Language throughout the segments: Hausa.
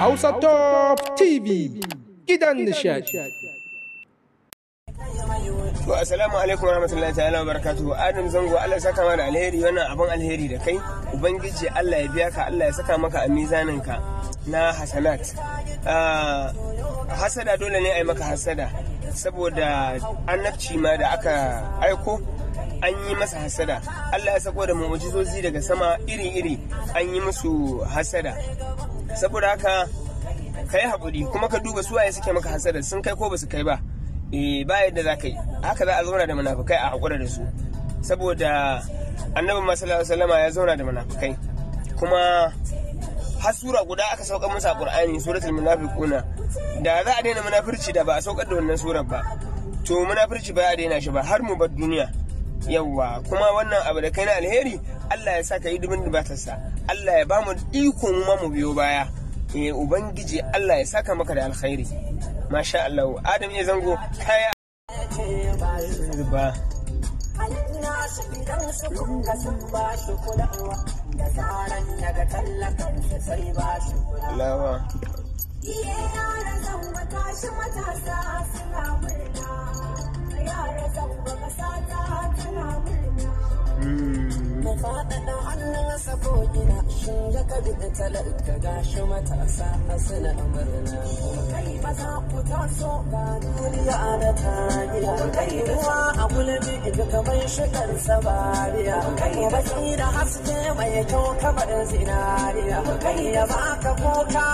Hausa Top TV gidan nishadi. To assalamu alaikum warahmatullahi ta'ala barakatuhu Adam Zango Allah ya saka mana alheri wannan abin alheri da kai ubangiji Allah ya biya ka Allah ya saka maka a mizaninka na hasanat. Ah, hasada dole ne a yi maka hasada saboda annabci ma da aka aiko an yi masa hasada Allah ya sako da mu'ujizozi daga sama iri-iri an yi musu hasada saboda haka ka yi haƙuri kuma ka duba su waye suke maka hasada sun kai ko ba su kai ba eh ba yadda za ka yi haka za a zauna da munafukai a haƙura da su saboda annabin masu sallama ya zauna da munafukai kuma har sura guda aka sauka musa qur'ani suratul munafiquna da za a daina munafirci da ba a saukar da wannan surar ba to munafirci ba a daina shi ba har mu bar duniya yawwa kuma wannan abu da kai na alheri Allah ya sa ka yi dubin dubatarsa Allah ya bamu ikon ma mu biyo baya eh ubangiji Allah ya saka maka da alkhairi masha Allah Adam ya zango kaya Lawa. Iye shi matasa suna murna. Yara zan wata sata tana murna. Shin ya ka bi talauta gashi matasa a suna murna. Kai ba za ku taso ga duniya da tariya. gulbi ita kamar shigar samariya kai baki da haske mai kyau kamar zinariya kai ya baka ko ka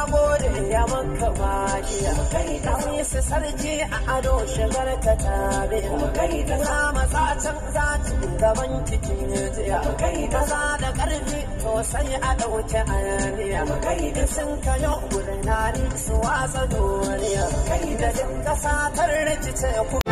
ya maka magiya kai su sarki a ado shigar ka tabiya kai ta sama tsacin zaci gaban cikin jiya kai ta za da karfi to sai a dauke aniya kai da sun kayo gurin su wasa duniya kai da jin kasa tar rikice